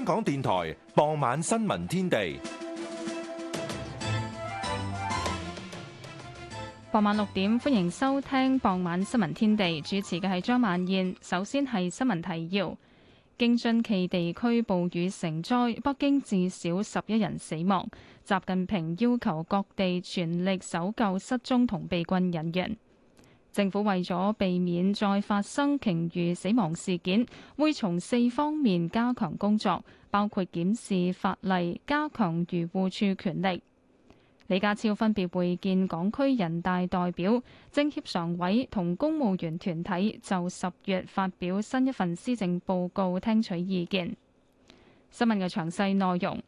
香港電台傍晚新聞天地。傍晚六點，歡迎收聽傍晚新聞天地，主持嘅係張曼燕。首先係新聞提要，京津冀地區暴雨成災，北京至少十一人死亡。習近平要求各地全力搜救失蹤同被困人員。政府為咗避免再發生鯨魚死亡事件，會從四方面加強工作，包括檢視法例、加強漁護處權力。李家超分別會見港區人大代表、政協常委同公務員團體，就十月發表新一份施政報告，聽取意見。新聞嘅詳細內容。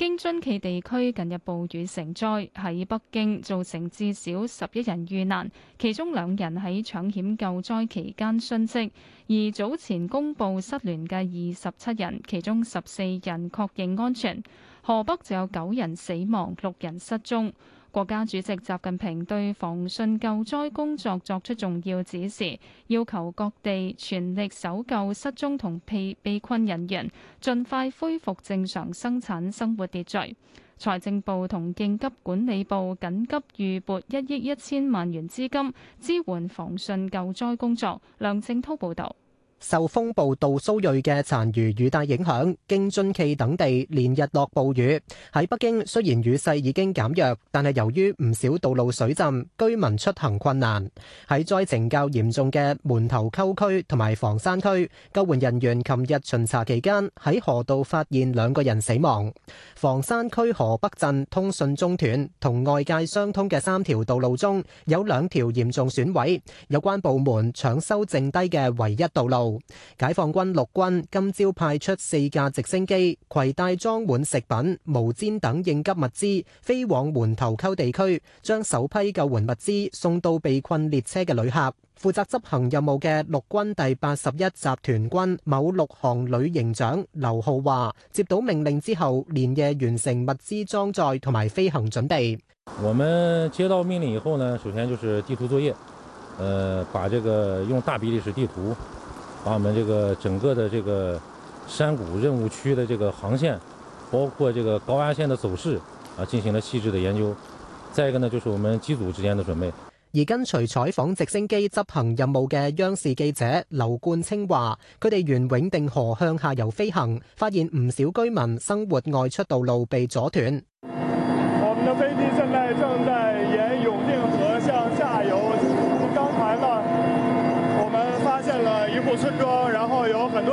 京津冀地區近日暴雨成災，喺北京造成至少十一人遇難，其中兩人喺搶險救災期間殉職；而早前公布失聯嘅二十七人，其中十四人確認安全。河北就有九人死亡，六人失蹤。國家主席習近平對防汛救災工作作出重要指示，要求各地全力搜救失蹤同被被困人員，盡快恢復正常生產生活秩序。財政部同應急管理部緊急預撥一億一千萬元資金，支援防汛救災工作。梁正滔報導。受風暴杜蘇芮嘅殘餘雨帶影響，京津冀等地連日落暴雨。喺北京，雖然雨勢已經減弱，但係由於唔少道路水浸，居民出行困難。喺災情較嚴重嘅門頭溝區同埋房山區，救援人員琴日巡查期間喺河道發現兩個人死亡。房山區河北鎮通訊中斷，同外界相通嘅三條道路中有兩條嚴重損毀，有關部門搶修剩低嘅唯一道路。解放軍陸軍今朝派出四架直升機，攜帶裝滿食品、毛氈等應急物資，飛往門頭溝地區，將首批救援物資送到被困列車嘅旅客。負責執行任務嘅陸軍第八十一集團軍某陸航旅營長劉浩華接到命令之後，連夜完成物資裝載同埋飛行準備。我們接到命令以後呢，首先就是地圖作業，呃，把這個用大比例尺地圖。把我們這個整個的這個山谷任務區的這個航線，包括這個高壓線的走勢啊，進行了細致的研究。再一個呢，就是我們機組之間的準備。而跟隨採訪直升機執行任務嘅央視記者劉冠清話，佢哋沿永定河向下游飛行，發現唔少居民生活外出道路被阻斷。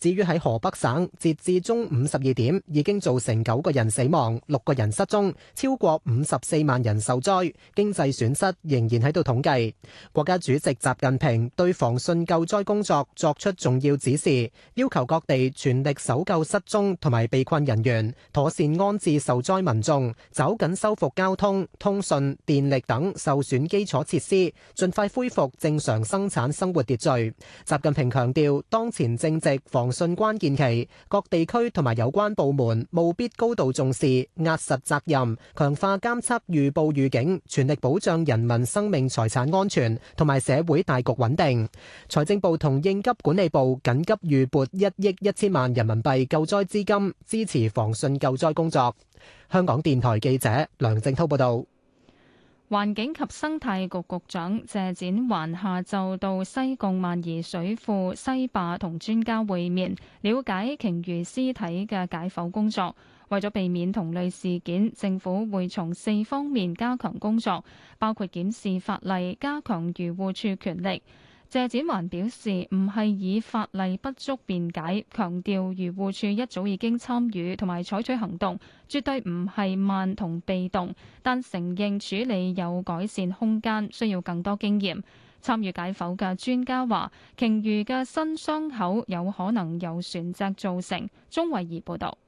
至於喺河北省，截至中午十二點，已經造成九個人死亡、六個人失蹤，超過五十四萬人受災，經濟損失仍然喺度統計。國家主席習近平對防汛救災工作作出重要指示，要求各地全力搜救失蹤同埋被困人員，妥善安置受災民眾，抓緊修復交通、通訊、電力等受損基礎設施，盡快恢復正常生產生活秩序。習近平強調，當前正值防防汛關鍵期，各地區同埋有關部門務必高度重視，壓實責任，強化監測預報預警，全力保障人民生命財產安全同埋社會大局穩定。財政部同應急管理部緊急預撥一億一千萬人民幣救災資金，支持防汛救災工作。香港電台記者梁靜滔報道。環境及生態局局長謝展寰下晝到西貢萬宜水庫西壩同專家會面，了解鯨魚屍體嘅解剖工作。為咗避免同類事件，政府會從四方面加強工作，包括檢視法例、加強漁護處權力。謝展環表示，唔係以法例不足辯解，強調漁護處一早已經參與同埋採取行動，絕對唔係慢同被動，但承認處理有改善空間，需要更多經驗。參與解剖嘅專家話，鯨魚嘅新傷口有可能由船隻造成。鍾惠儀報導，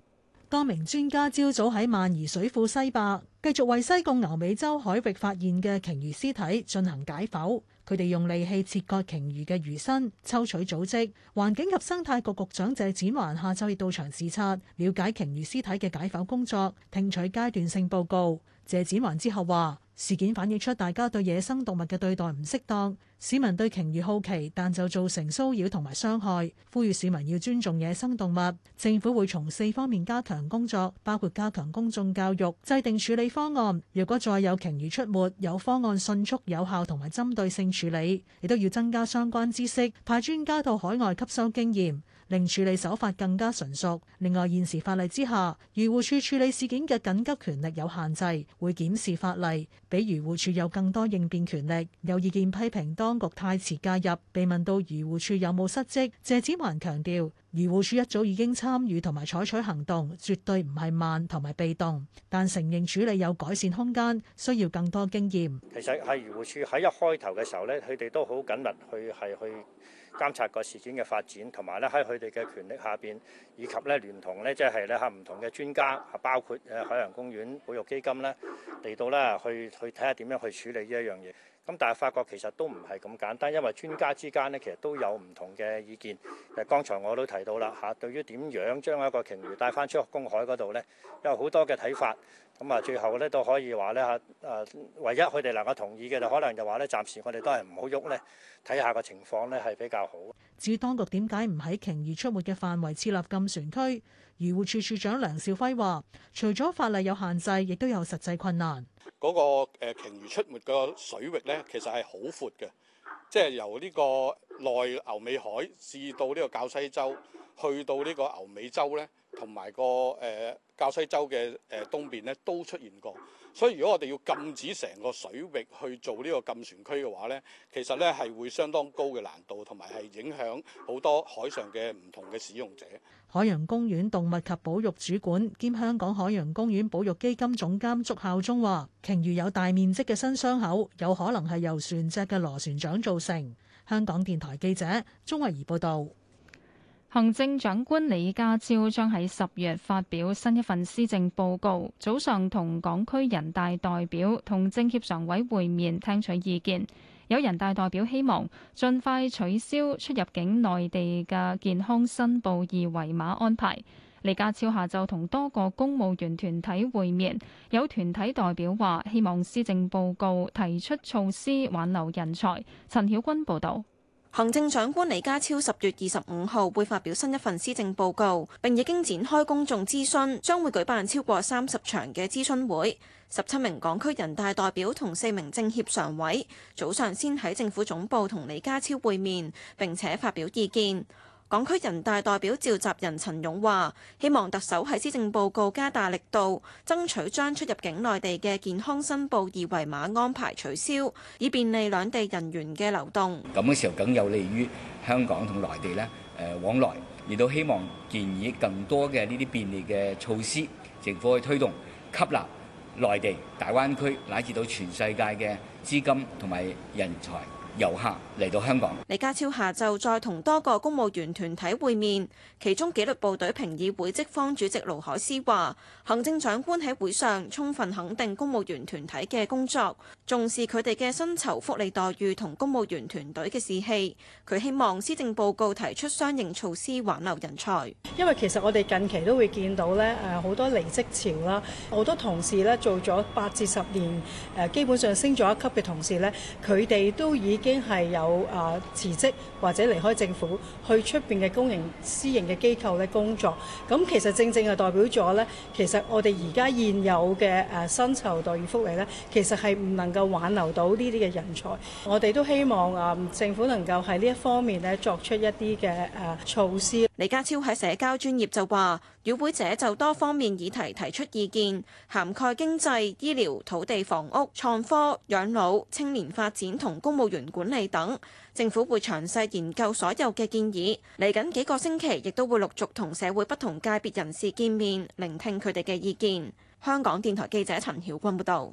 多名專家朝早喺萬宜水庫西壩，繼續為西貢牛尾洲海域發現嘅鯨魚屍體進行解剖。佢哋用利器切割鯨魚嘅魚身，抽取組織，環境及生態局局長謝展寰下晝亦到場視察，了解鯨魚屍體嘅解剖工作，聽取階段性報告。謝展寰之後話。事件反映出大家對野生動物嘅對待唔適當，市民對鯨魚好奇，但就造成騷擾同埋傷害。呼籲市民要尊重野生動物，政府會從四方面加強工作，包括加強公眾教育、制定處理方案。如果再有鯨魚出沒，有方案迅速、有效同埋針對性處理，亦都要增加相關知識，派專家到海外吸收經驗。令處理手法更加純熟。另外現時法例之下，漁護署處理事件嘅緊急權力有限制，會檢視法例，畀漁護署有更多應變權力。有意見批評當局太遲介入，被問到漁護署有冇失職，謝子桓強調漁護署一早已經參與同埋採取行動，絕對唔係慢同埋被動。但承認處理有改善空間，需要更多經驗。其實喺漁護署喺一開頭嘅時候呢，佢哋都好緊密去係去。監察個事件嘅發展，同埋咧喺佢哋嘅權力下邊，以及咧聯同咧即係咧嚇唔同嘅專家，包括誒海洋公園保育基金咧嚟到咧去去睇下點樣去處理呢一樣嘢。咁但係發覺其實都唔係咁簡單，因為專家之間咧其實都有唔同嘅意見。誒，剛才我都提到啦，嚇、啊、對於點樣將一個鯨魚帶翻出去公海嗰度呢，有好多嘅睇法。咁啊，最後咧都可以話咧嚇誒，唯一佢哋能夠同意嘅就是、可能就話咧，暫時我哋都係唔好喐呢，睇下個情況呢係比較好。至於當局點解唔喺鯨魚出沒嘅範圍設立禁船區？漁護處處長梁兆輝話，除咗法例有限制，亦都有實際困難。嗰個鯨魚出沒個水域呢，其實係好闊嘅，即係由呢個內牛尾海至到呢個滘西洲，去到呢個牛尾洲呢，同埋、那個誒、呃、滘西洲嘅誒東邊咧，都出現過。所以如果我哋要禁止成個水域去做呢個禁船區嘅話，呢其實，呢係會相當高嘅難度，同埋係影響好多海上嘅唔同嘅使用者。海洋公園動物及保育主管兼香港海洋公園保育基金總監祝孝忠話鯨魚有大面積嘅新傷口，有可能係由船隻嘅螺旋槳造成。香港電台記者鍾慧儀報道。行政長官李家超將喺十月發表新一份施政報告，早上同港區人大代表同政協常委會面聽取意見。有人大代表希望盡快取消出入境內地嘅健康申報二維碼安排。李家超下晝同多個公務員團體會面，有團體代表話希望施政報告提出措施挽留人才。陳曉君報導。行政長官李家超十月二十五號會發表新一份施政報告，並已經展開公眾諮詢，將會舉辦超過三十場嘅諮詢會。十七名港區人大代表同四名政協常委早上先喺政府總部同李家超會面，並且發表意見。港區人大代表召集人陳勇話，希望特首喺施政報告加大力度，爭取將出入境內地嘅健康申報二維碼安排取消，以便利兩地人員嘅流動。咁嘅時候，更有利於香港同內地呢誒往來。亦都希望建議更多嘅呢啲便利嘅措施，政府去推動，吸納內地、大灣區乃至到全世界嘅資金同埋人才。遊客嚟到香港。李家超下晝再同多個公務員團體會面，其中紀律部隊評議會職方主席盧海思話行政長官喺會上充分肯定公務員團體嘅工作，重視佢哋嘅薪酬福利待遇同公務員團隊嘅士氣，佢希望施政報告提出相應措施挽留人才。因為其實我哋近期都會見到咧，誒好多離職潮啦，好多同事咧做咗八至十年，誒基本上升咗一級嘅同事咧，佢哋都已經。已經係有啊辭職或者離開政府，去出邊嘅公營、私營嘅機構咧工作。咁其實正正係代表咗呢，其實我哋而家現有嘅誒薪酬待遇福利呢，其實係唔能夠挽留到呢啲嘅人才。我哋都希望啊，政府能夠喺呢一方面咧作出一啲嘅誒措施。李家超喺社交專頁就話，與會者就多方面議題提出意見，涵蓋經濟、醫療、土地、房屋、創科、養老、青年發展同公務員管理等。政府會詳細研究所有嘅建議，嚟緊幾個星期亦都會陸續同社會不同界別人士見面，聆聽佢哋嘅意見。香港電台記者陳曉君報導。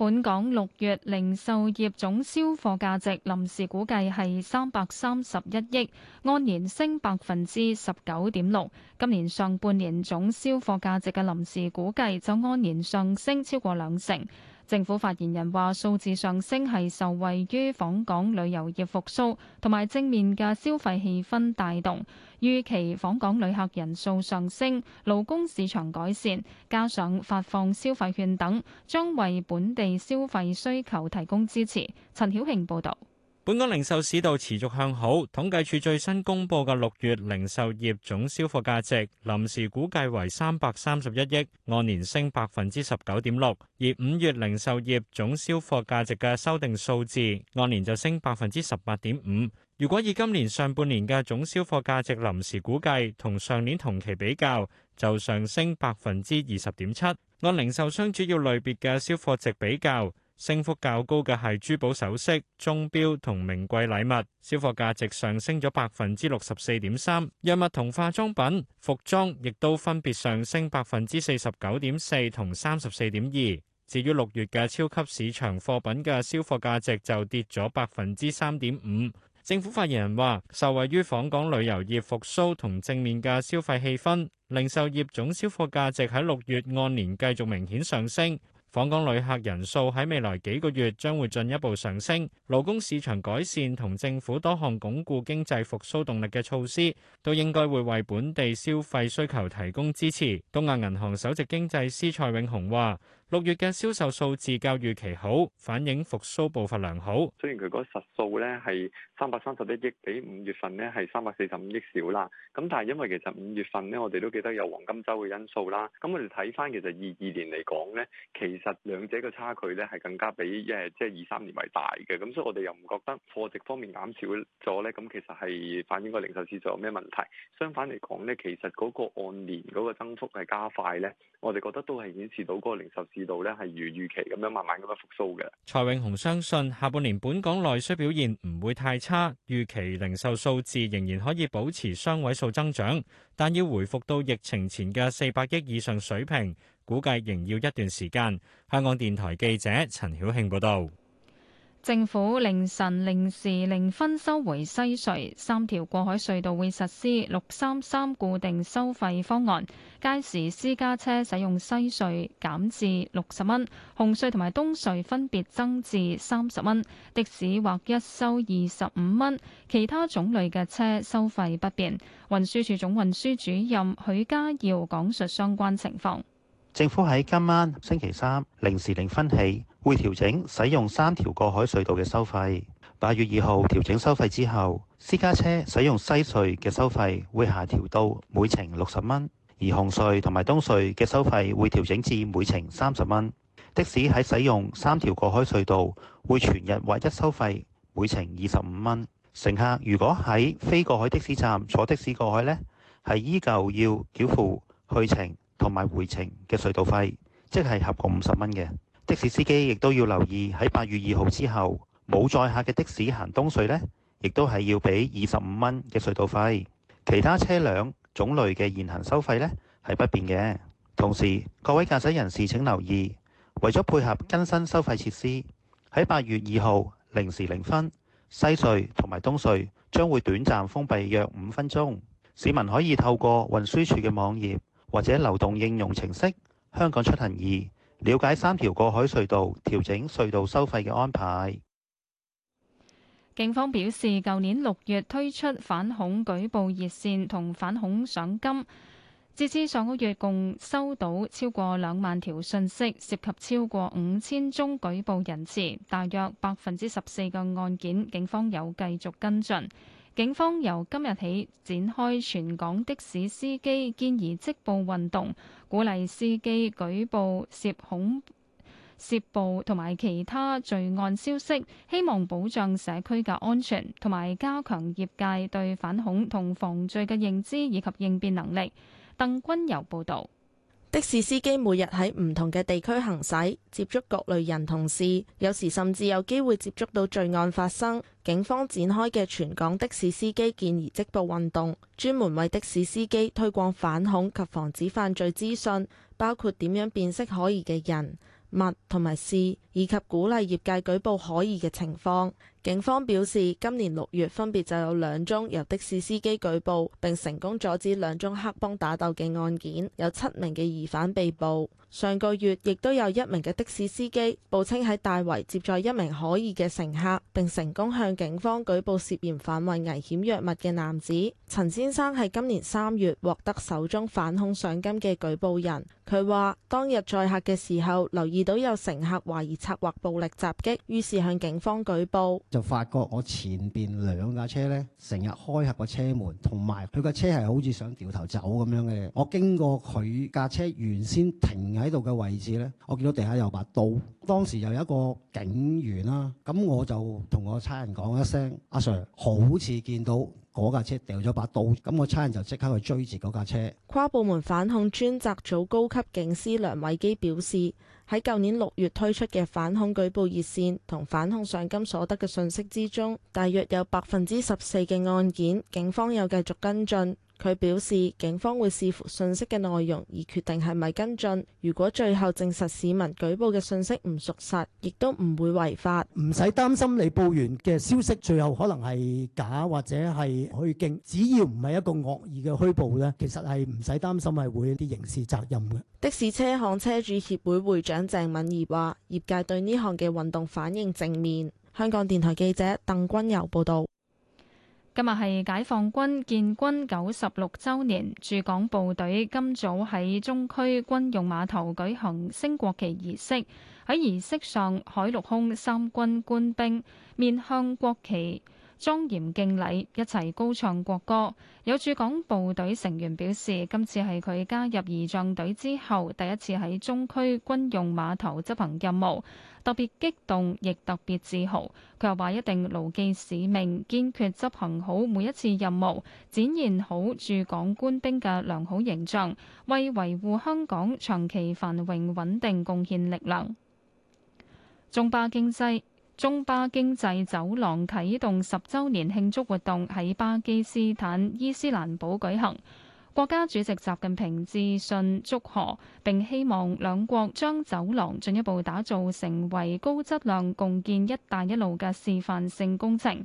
本港六月零售業總銷貨價值臨時估計係三百三十一億，按年升百分之十九點六。今年上半年總銷貨價值嘅臨時估計就按年上升超過兩成。政府發言人話：數字上升係受惠於訪港旅遊業復甦同埋正面嘅消費氣氛帶動，預期訪港旅客人數上升、勞工市場改善，加上發放消費券等，將為本地消費需求提供支持。陳曉慶報導。本港零售市道持續向好，統計處最新公佈嘅六月零售業總銷貨價值臨時估計為三百三十一億，按年升百分之十九點六。而五月零售業總銷貨價值嘅修訂數字按年就升百分之十八點五。如果以今年上半年嘅總銷貨價值臨時估計，同上年同期比較就上升百分之二十點七。按零售商主要類別嘅銷貨值比較，升幅較高嘅係珠寶首飾、鐘錶同名貴禮物，銷貨價值上升咗百分之六十四點三。藥物同化妝品、服裝亦都分別上升百分之四十九點四同三十四點二。至於六月嘅超級市場貨品嘅銷貨價值就跌咗百分之三點五。政府發言人話：受惠於訪港旅遊業復甦同正面嘅消費氣氛，零售業總銷貨價值喺六月按年繼續明顯上升。訪港旅客人數喺未來幾個月將會進一步上升，勞工市場改善同政府多項鞏固經濟復甦動力嘅措施，都應該會為本地消費需求提供支持。東亞銀行首席經濟師蔡永雄話。六月嘅銷售數字較預期好，反映復甦步伐良好。雖然佢嗰個實數咧係三百三十一億，比五月份咧係三百四十五億少啦。咁但係因為其實五月份咧，我哋都記得有黃金周嘅因素啦。咁我哋睇翻其實二二年嚟講咧，其實兩者嘅差距咧係更加比一即係二三年為大嘅。咁所以我哋又唔覺得貨值方面減少咗咧，咁其實係反映個零售市數有咩問題？相反嚟講咧，其實嗰個按年嗰個增幅係加快咧，我哋覺得都係顯示到嗰個零售市。度呢係如預期咁樣慢慢咁樣復甦嘅。蔡永雄相信下半年本港內需表現唔會太差，預期零售數字仍然可以保持雙位數增長，但要回復到疫情前嘅四百億以上水平，估計仍要一段時間。香港電台記者陳曉慶報道。政府凌晨零時零分收回西隧，三條過海隧道會實施六三三固定收費方案，屆時私家車使用西隧減至六十蚊，紅隧同埋東隧分別增至三十蚊，的士劃一收二十五蚊，其他種類嘅車收費不變。運輸署總運輸主任許家耀講述相關情況。政府喺今晚星期三零時零分起，會調整使用三條過海隧道嘅收費。八月二號調整收費之後，私家車使用西隧嘅收費會下調到每程六十蚊，而紅隧同埋東隧嘅收費會調整至每程三十蚊。的士喺使用三條過海隧道會全日統一收費，每程二十五蚊。乘客如果喺非過海的士站坐的士過海呢，係依舊要繳付去程同埋回程嘅隧道費，即係合共五十蚊嘅。的士司機亦都要留意，喺八月二號之後冇載客嘅的、的士行東隧呢，亦都係要俾二十五蚊嘅隧道費。其他車輛種類嘅現行收費呢，係不變嘅。同時，各位駕駛人士請留意，為咗配合更新收費設施，喺八月二號零時零分，西隧同埋東隧將會短暫封閉約五分鐘。市民可以透過運輸署嘅網頁或者流動應用程式《香港出行易》，了解三條過海隧道，調整隧道收費嘅安排。警方表示，舊年六月推出反恐舉報熱線同反恐賞金，截至上個月共收到超過兩萬條訊息，涉及超過五千宗舉報人次，大約百分之十四嘅案件，警方有繼續跟進。警方由今日起展開全港的士司機見疑即報運動，鼓勵司機舉報涉恐、涉暴同埋其他罪案消息，希望保障社區嘅安全，同埋加強業界對反恐同防罪嘅認知以及應變能力。鄧君柔報道。的士司機每日喺唔同嘅地區行駛，接觸各類人同事，有時甚至有機會接觸到罪案發生。警方展開嘅全港的士司機見疑即報運動，專門為的士司機推廣反恐及防止犯罪資訊，包括點樣辨識可疑嘅人、物同埋事。以及鼓勵業界舉報可疑嘅情況。警方表示，今年六月分別就有兩宗由的士司機舉報，並成功阻止兩宗黑幫打鬥嘅案件，有七名嘅疑犯被捕。上個月亦都有一名嘅的，的士司機報稱喺大圍接載一名可疑嘅乘客，並成功向警方舉報涉嫌販運危險藥物嘅男子。陳先生係今年三月獲得首宗反恐賞金嘅舉報人，佢話當日載客嘅時候留意到有乘客懷疑。策劃暴力襲擊，於是向警方舉報。就發覺我前邊兩架車咧，成日開合個車門，同埋佢架車係好似想掉頭走咁樣嘅。我經過佢架車原先停喺度嘅位置咧，我見到地下有把刀。當時又有一個警員啦，咁我就同我差人講一聲：阿 Sir，好似見到。嗰架車掉咗把刀，咁我差人就即刻去追住嗰架車。跨部門反恐專責組高級警司梁偉基表示，喺舊年六月推出嘅反恐舉報熱線同反恐賞金所得嘅訊息之中，大約有百分之十四嘅案件，警方有繼續跟進。佢表示，警方會視乎信息嘅內容而決定係咪跟進，如果最後證實市民舉報嘅信息唔屬實，亦都唔會違法，唔使擔心你報完嘅消息最後可能係假或者係虛驚。只要唔係一個惡意嘅虛報咧，其實，係唔使擔心係會有啲刑事責任嘅。的士車行車主協會會長鄭敏儀話業界對呢項嘅運動反應正面。香港電台記者鄧君柔報道。今日係解放軍建軍九十六週年，駐港部隊今早喺中區軍用碼頭舉行升國旗儀式。喺儀式上，海陸空三軍官兵面向國旗，莊嚴敬禮，一齊高唱國歌。有駐港部隊成員表示，今次係佢加入儀仗隊之後第一次喺中區軍用碼頭執行任務，特別激動，亦特別自豪。佢又話：一定牢記使命，堅決執行好每一次任務，展現好駐港官兵嘅良好形象，為維護香港長期繁榮穩定貢獻力量。中巴經濟中巴經濟走廊啟動十週年慶祝活動喺巴基斯坦伊斯蘭堡舉行，國家主席習近平致信祝賀，並希望兩國將走廊進一步打造成為高質量共建「一帶一路」嘅示範性工程。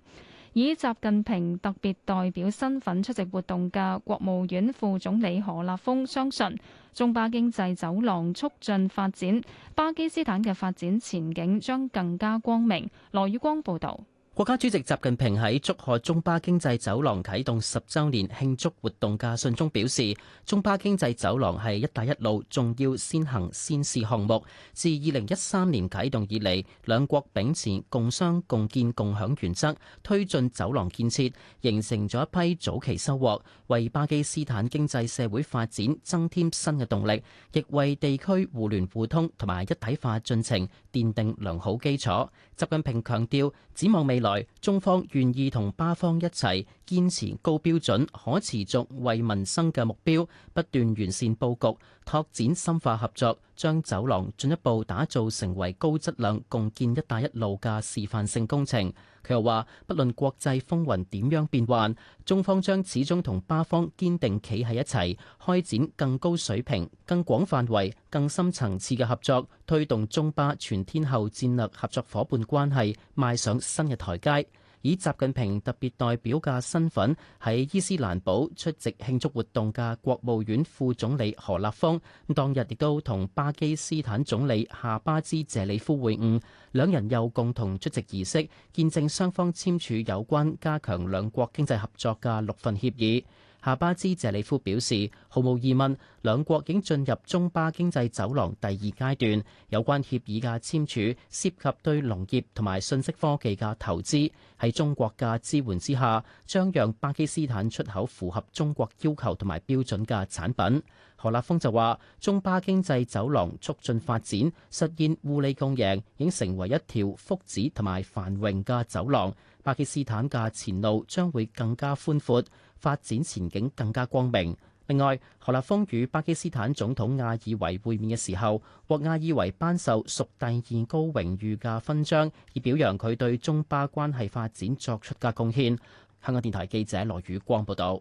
以習近平特別代表身份出席活動嘅國務院副總理何立峰相信，中巴經濟走廊促進發展，巴基斯坦嘅發展前景將更加光明。羅宇光報導。國家主席習近平喺祝賀中巴經濟走廊啓動十週年慶祝活動嘅信中表示，中巴經濟走廊係「一帶一路」重要先行先試項目。自二零一三年啓動以嚟，兩國秉持共商共建共享原則，推進走廊建設，形成咗一批早期收穫，為巴基斯坦經濟社會發展增添新嘅動力，亦為地區互聯互通同埋一體化進程奠定良好基礎。習近平強調，展望未來。中方願意同巴方一齊，堅持高標準、可持續為民生嘅目標，不斷完善佈局、拓展深化合作，將走廊進一步打造成為高質量共建「一帶一路」嘅示範性工程。佢又話，不論國際風雲點樣變幻，中方將始終同巴方堅定企喺一齊，開展更高水平、更廣範圍、更深層次嘅合作，推動中巴全天候戰略合作伙伴關係邁上新嘅台階。以習近平特別代表嘅身份喺伊斯蘭堡出席慶祝活動嘅國務院副總理何立峰，當日亦都同巴基斯坦總理夏巴茲謝里夫會晤，兩人又共同出席儀式，見證雙方簽署有關加強兩國經濟合作嘅六份協議。夏巴茲謝里夫表示，毫無疑問，兩國已經進入中巴經濟走廊第二階段。有關協議嘅簽署涉及對農業同埋信息科技嘅投資，喺中國嘅支援之下，將讓巴基斯坦出口符合中國要求同埋標準嘅產品。何立峰就話中巴經濟走廊促進發展，實現互利共贏，已經成為一條福祉同埋繁榮嘅走廊。巴基斯坦嘅前路將會更加寬闊。發展前景更加光明。另外，何立峰與巴基斯坦總統亞爾維會面嘅時候，獲亞爾維頒授屬第二高榮譽嘅勳章，以表揚佢對中巴關係發展作出嘅貢獻。香港電台記者羅宇光報道。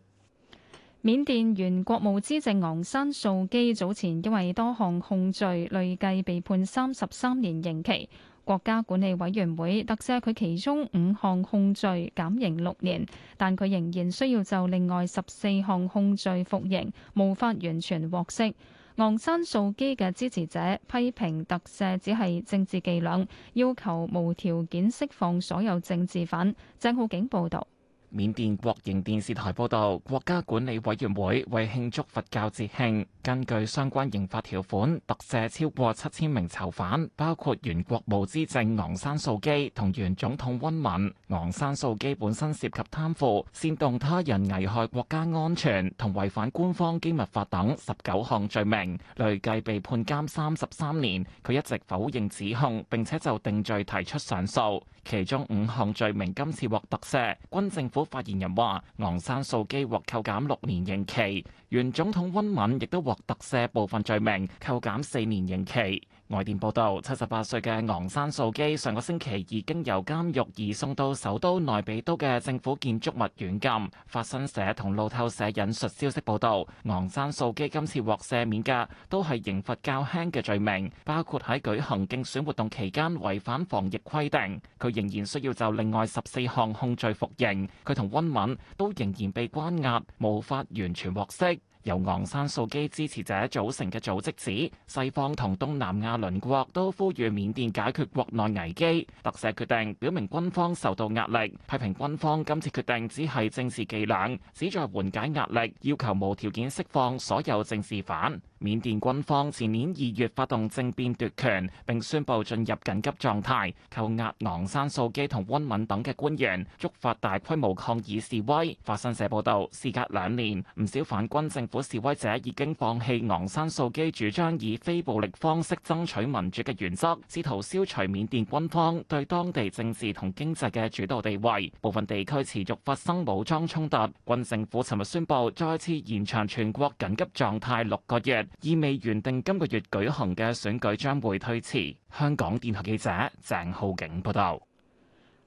緬甸原國務資政昂山素基早前因為多項控罪，累計被判三十三年刑期。國家管理委員會特赦佢其中五項控罪，減刑六年，但佢仍然需要就另外十四項控罪服刑，無法完全獲釋。昂山素姬嘅支持者批評特赦只係政治伎倆，要求無條件釋放所有政治犯。鄭浩景報導。緬甸國營電視台報道，國家管理委員會為慶祝佛教節慶，根據相關刑法條款，特赦超過七千名囚犯，包括原國務資政昂山素基同原總統温敏。昂山素基本身涉及貪腐、煽動他人危害國家安全同違反官方機密法等十九項罪名，累計被判監三十三年。佢一直否認指控，並且就定罪提出上訴。其中五項罪名今次獲特赦，軍政府發言人話：昂山素姬獲扣減六年刑期，原總統温敏亦都獲特赦部分罪名，扣減四年刑期。外電報導，七十八歲嘅昂山素姬上個星期已經由監獄移送到首都內比都嘅政府建築物軟禁。法新社同路透社引述消息報道，昂山素姬今次獲赦免嘅都係刑罰較輕嘅罪名，包括喺舉行競選活動期間違反防疫規定。佢仍然需要就另外十四項控罪服刑。佢同温敏都仍然被關押，無法完全獲釋。由昂山素基支持者組成嘅組織指，西方同東南亞鄰國都呼籲緬甸解決國內危機，特赦決定表明軍方受到壓力，批評軍方今次決定只係政治伎倆，旨在緩解壓力，要求無條件釋放所有政治犯。緬甸軍方前年二月發動政變奪權，並宣布進入緊急狀態，扣押昂山素基同温敏等嘅官員，觸發大規模抗議示威。法新社報道，事隔兩年，唔少反軍政府示威者已經放棄昂山素基主張以非暴力方式爭取民主嘅原則，試圖消除緬甸軍方對當地政治同經濟嘅主導地位。部分地區持續發生武裝衝突，軍政府尋日宣布再次延長全國緊急狀態六個月。意味原定今個月舉行嘅選舉將會推遲。香港電台記者鄭浩景報道。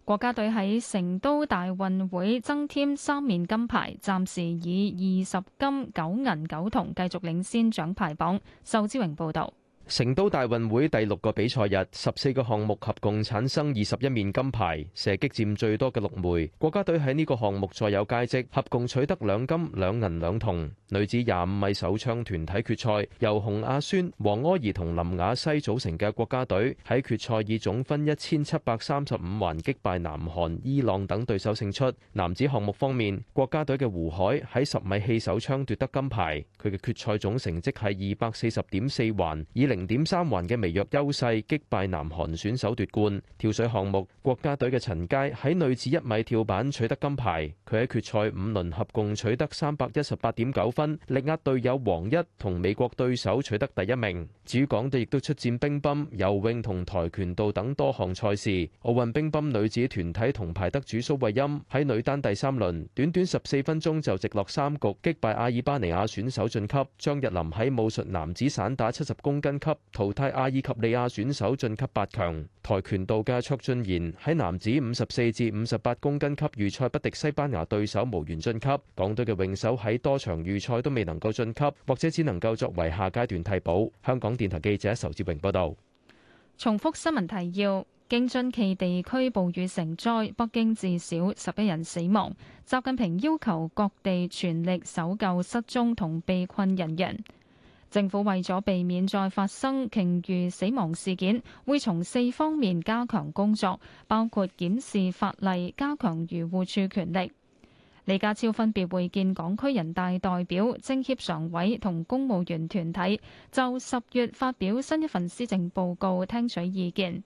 國家隊喺成都大運會增添三面金牌，暫時以二十金九銀九銅繼續領先獎牌榜。壽志榮報道。成都大運會第六個比賽日，十四個項目合共產生二十一面金牌，射擊佔最多嘅六枚。國家隊喺呢個項目再有佳績，合共取得兩金兩銀兩銅。女子廿五米手槍團體決賽，由洪亞宣、王珂儀同林雅西組成嘅國家隊喺決賽以總分一千七百三十五環擊敗南韓、伊朗等對手勝出。男子項目方面，國家隊嘅胡海喺十米氣手槍奪得金牌，佢嘅決賽總成績係二百四十點四環，以零。零點三環嘅微弱優勢擊敗南韓選手奪冠。跳水項目，國家隊嘅陳佳喺女子一米跳板取得金牌。佢喺決賽五輪合共取得三百一十八點九分，力壓隊友王一同美國對手取得第一名。至於港隊亦都出戰乒乓、游泳同跆拳道等多項賽事。奧運乒乓女子團體銅牌得主蘇慧音喺女單第三輪，短短十四分鐘就直落三局擊敗阿爾巴尼亞選手晉級，張日林喺武術男子散打七十公斤級淘汰阿爾及利亞選手晉級八強，跆拳道嘅卓俊賢喺男子五十四至五十八公斤級預賽不敵西班牙對手無緣晉級。港隊嘅泳手喺多場預賽都未能夠晉級，或者只能夠作為下階段替補。香港電台記者仇志榮報道。重複新聞提要，京津冀地區暴雨成災，北京至少十一人死亡。習近平要求各地全力搜救失蹤同被困人員。政府為咗避免再發生鯨魚死亡事件，會從四方面加強工作，包括檢視法例、加強漁護處權力。李家超分別會見港區人大代表、政協常委同公務員團體，就十月發表新一份施政報告，聽取意見。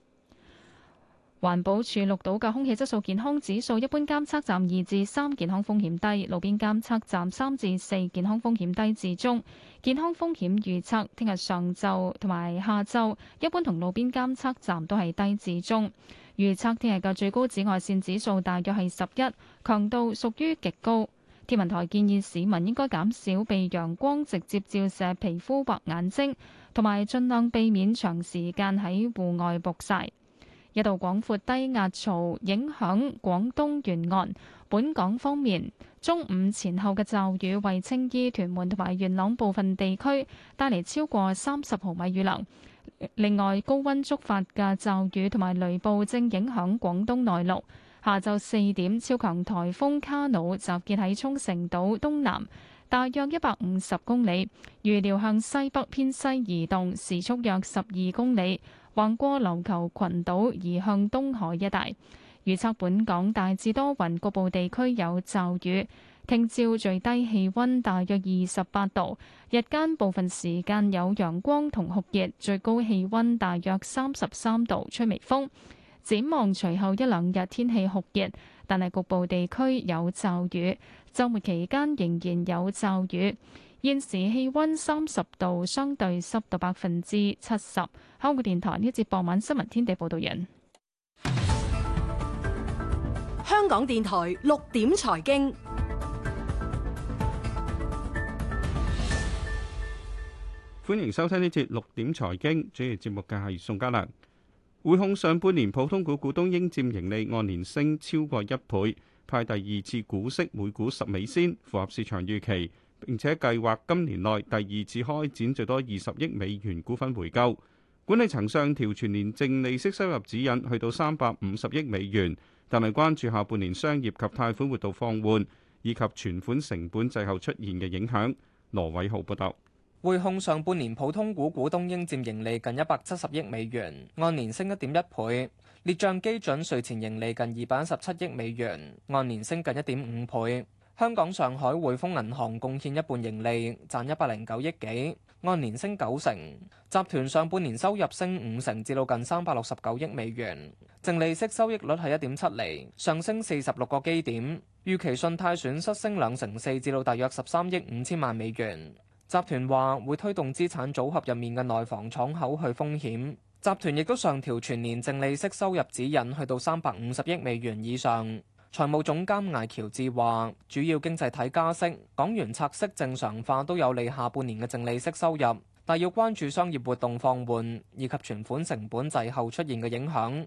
環保署錄到嘅空氣質素健康指數一般監測站二至三，健康風險低；路邊監測站三至四，健康風險低至中。健康風險預測，聽日上晝同埋下晝一般同路邊監測站都係低至中。預測聽日嘅最高紫外線指數大約係十一，強度屬於極高。天文台建議市民應該減少被陽光直接照射皮膚或眼睛，同埋盡量避免長時間喺戶外曝曬。一道廣闊低壓槽影響廣東沿岸。本港方面，中午前後嘅驟雨為青衣、屯門同埋元朗部分地區帶嚟超過三十毫米雨量。另外，高溫觸發嘅驟雨同埋雷暴正影響廣東內陸。下晝四點，超強颱風卡努集結喺沖繩島東南，大約一百五十公里，預料向西北偏西移動，時速約十二公里。橫過琉球群島移向東海一帶，預測本港大致多雲，局部地區有驟雨。聽朝最低氣温大約二十八度，日間部分時間有陽光同酷熱，最高氣温大約三十三度，吹微風。展望隨後一兩日天氣酷熱，但係局部地區有驟雨，週末期間仍然有驟雨。現時氣溫三十度，相對濕度百分之七十。香港電台呢節傍晚新聞天地報道人，香港電台六點財經，財經歡迎收聽呢節六點財經。主持節目嘅係宋嘉良。匯控上半年普通股股東應占盈利按年升超過一倍，派第二次股息每股十美仙，符合市場預期。並且計劃今年內第二次開展最多二十億美元股份回購。管理層上調全年淨利息收入指引，去到三百五十億美元，但係關注下半年商業及貸款活動放緩以及存款成本滯後出現嘅影響。羅偉浩報道，匯控上半年普通股股東應佔盈利近一百七十億美元，按年升一點一倍。列賬基準稅前盈利近二百一十七億美元，按年升近一點五倍。香港、上海匯豐銀行貢獻一半盈利，賺一百零九億幾，按年升九成。集團上半年收入升五成，至到近三百六十九億美元，淨利息收益率係一點七厘，上升四十六個基點。預期信貸損失升兩成四，至到大約十三億五千萬美元。集團話會推動資產組合入面嘅內房敞口去風險。集團亦都上調全年淨利息收入指引，去到三百五十億美元以上。財務總監艾喬治話：主要經濟體加息、港元拆息正常化都有利下半年嘅淨利息收入，但要關注商業活動放緩以及存款成本滯後出現嘅影響。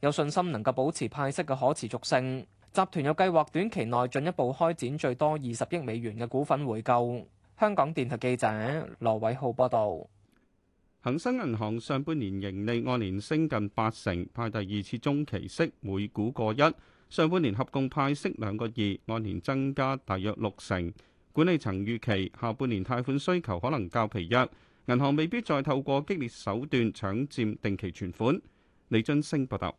有信心能夠保持派息嘅可持續性，集團有計劃短期內進一步開展最多二十億美元嘅股份回購。香港電台記者羅偉浩報道。恒生銀行上半年盈利按年升近八成，派第二次中期息每股個一，上半年合共派息兩個二，按年增加大約六成。管理層預期下半年貸款需求可能較疲弱，銀行未必再透過激烈手段搶佔定期存款。李津升報道。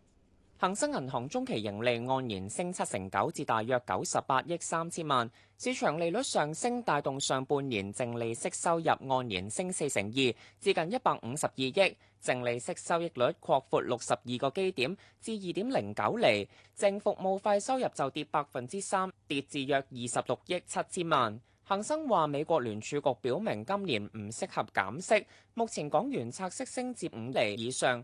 恒生銀行中期盈利按年升七成九，至大約九十八億三千萬。市場利率上升，帶動上半年淨利息收入按年升四成二，至近一百五十二億。淨利息收益率擴闊六十二個基點，至二點零九厘。淨服務費收入就跌百分之三，跌至約二十六億七千萬。恒生話：美國聯儲局表明今年唔適合減息，目前港元拆息升至五厘以上。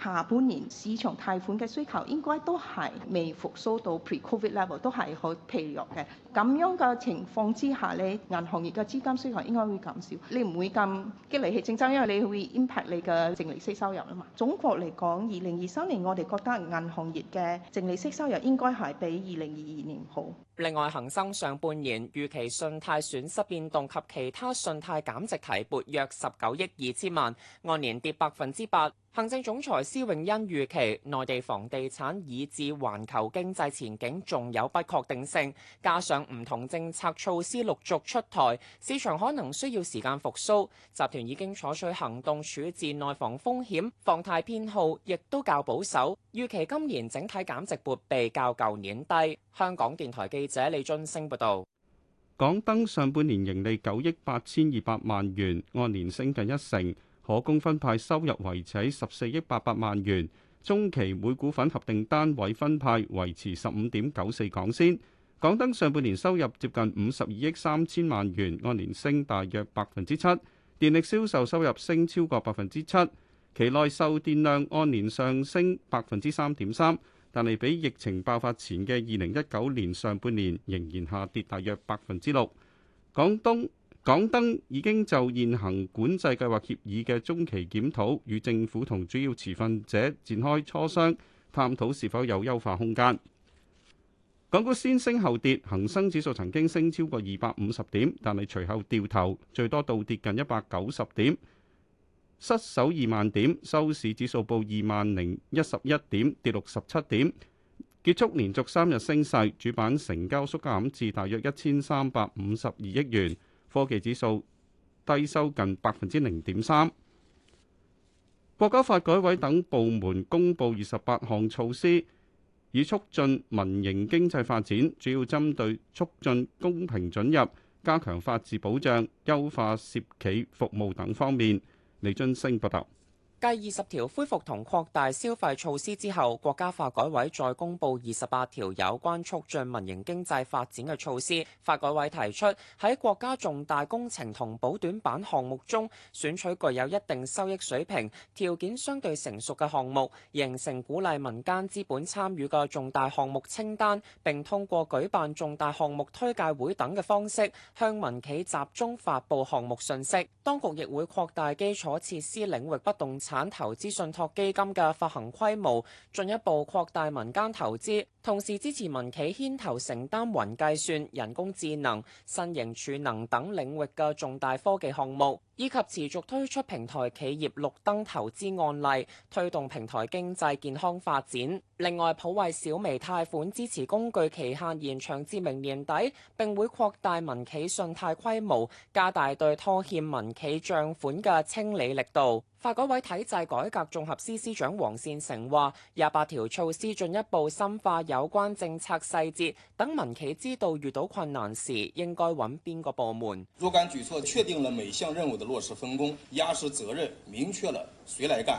下半年市場貸款嘅需求應該都係未復蘇到 pre-covid level，都係好疲弱嘅。咁樣嘅情況之下咧，你銀行業嘅資金需求應該會減少，你唔會咁激烈起競爭，因為你會 impact 你嘅淨利息收入啊嘛。總括嚟講，二零二三年我哋覺得銀行業嘅淨利息收入應該係比二零二二年好。另外，恒生上半年預期信貸損失變動及其他信貸減值提撥約十九億二千萬，按年跌百分之八。行政總裁施永恩預期，內地房地產以至環球經濟前景仲有不確定性，加上，唔同政策措施陸續出台，市場可能需要時間復甦，集團已經採取行動處置內房風險，放貸偏好亦都較保守。預期今年整體減值撥備較舊年低。香港電台記者李津升報道。港燈上半年盈利九億八千二百萬元，按年升近一成，可供分派收入維持十四億八百萬元，中期每股份合訂單位分派維持十五點九四港仙。港燈上半年收入接近五十二億三千萬元，按年升大約百分之七，電力銷售收入升超過百分之七，期內售電量按年上升百分之三點三，但係比疫情爆發前嘅二零一九年上半年仍然下跌大約百分之六。港東港燈已經就現行管制計劃協議嘅中期檢討，與政府同主要持份者展開磋商，探討是否有優化空間。港股先升後跌，恒生指數曾經升超過二百五十點，但係隨後掉頭，最多倒跌近一百九十點，失守二萬點，收市指數報二萬零一十一點，跌六十七點，結束連續三日升勢，主板成交縮減至大約一千三百五十二億元，科技指數低收近百分之零點三。國家發改委等部門公布二十八項措施。以促進民營經濟發展，主要針對促進公平准入、加強法治保障、優化涉企服務等方面。李津升報道。繼二十條恢復同擴大消費措施之後，國家發改委再公布二十八條有關促進民營經濟發展嘅措施。發改委提出喺國家重大工程同補短板項目中，選取具有一定收益水平、條件相對成熟嘅項目，形成鼓勵民間資本參與嘅重大項目清單，並通過舉辦重大項目推介會等嘅方式，向民企集中發布項目信息。當局亦會擴大基礎設施領域不動產投資信託基金嘅發行規模，進一步擴大民間投資，同時支持民企牽頭承擔雲計算、人工智能、新型儲能等領域嘅重大科技項目，以及持續推出平台企業綠燈投資案例，推動平台經濟健康發展。另外，普惠小微貸款支持工具期限延長至明年底，並會擴大民企信貸規模，加大對拖欠民企賬款嘅清理力度。發改委體制改革綜合司司長王善成話：廿八條措施進一步深化有關政策細節，等民企知道遇到困難時應該揾邊個部門。若干舉措確定了每項任務的落實分工，壓實責任，明確了誰來幹。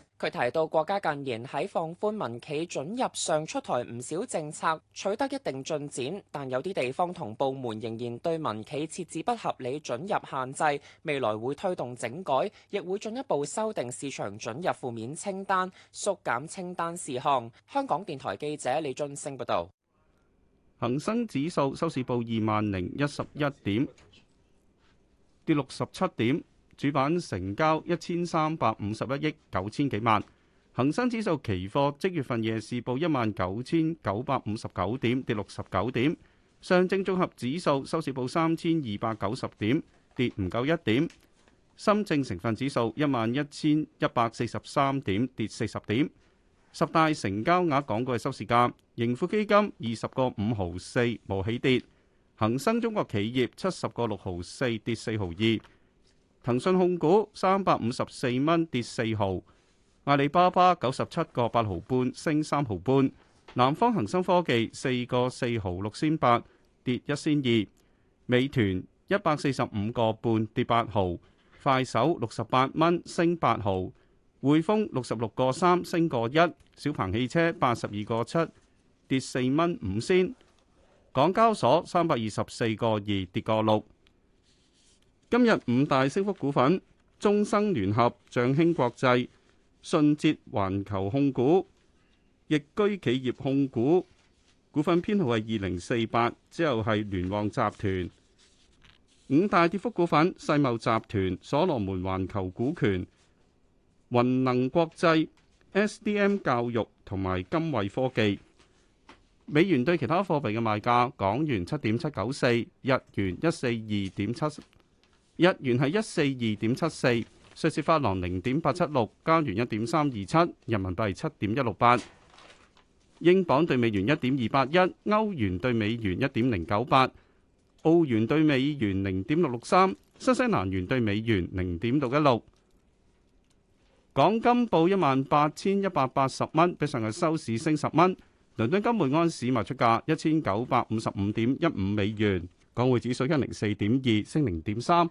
佢提到，國家近年喺放寬民企准入上出台唔少政策，取得一定進展，但有啲地方同部門仍然對民企設置不合理准入限制，未來會推動整改，亦會進一步修訂市場准入負面清單，縮減清單事項。香港電台記者李俊升報道。恒生指數收市報二萬零一十一點，跌六十七點。主板成交一千三百五十一億九千幾萬，恒生指數期貨即月份夜市報一萬九千九百五十九點，跌六十九點。上證綜合指數收市報三千二百九十點，跌唔夠一點。深證成分指數一萬一千一百四十三點，跌四十點。十大成交額港股嘅收市價，盈富基金二十個五毫四，冇起跌。恒生中國企業七十個六毫四，跌四毫二。騰訊控股三百五十四蚊，跌四毫，阿里巴巴九十七個八毫半升三毫半，南方恒生科技四個四毫六仙八跌一仙二，美團一百四十五個半跌八毫，快手六十八蚊升八毫，匯豐六十六個三升個一，小鵬汽車八十二個七跌四蚊五仙，港交所三百二十四個二跌個六。今日五大升幅股份：中生聯合、象興國際、信捷環球控股、易居企業控股。股份編號係二零四八。之後係聯旺集團。五大跌幅股份：世茂集團、所羅門環球股權、雲能國際、SDM 教育同埋金衛科技。美元對其他貨幣嘅賣價：港元七點七九四，日元一四二點七。日元係一四二點七四，瑞士法郎零點八七六，加元一點三二七，人民幣七點一六八，英鎊對美元一點二八一，歐元對美元一點零九八，澳元對美元零點六六三，新西蘭元對美元零點六一六。港金報一萬八千一百八十蚊，比上日收市升十蚊。倫敦金每安士賣出價一千九百五十五點一五美元，港匯指數一零四點二，升零點三。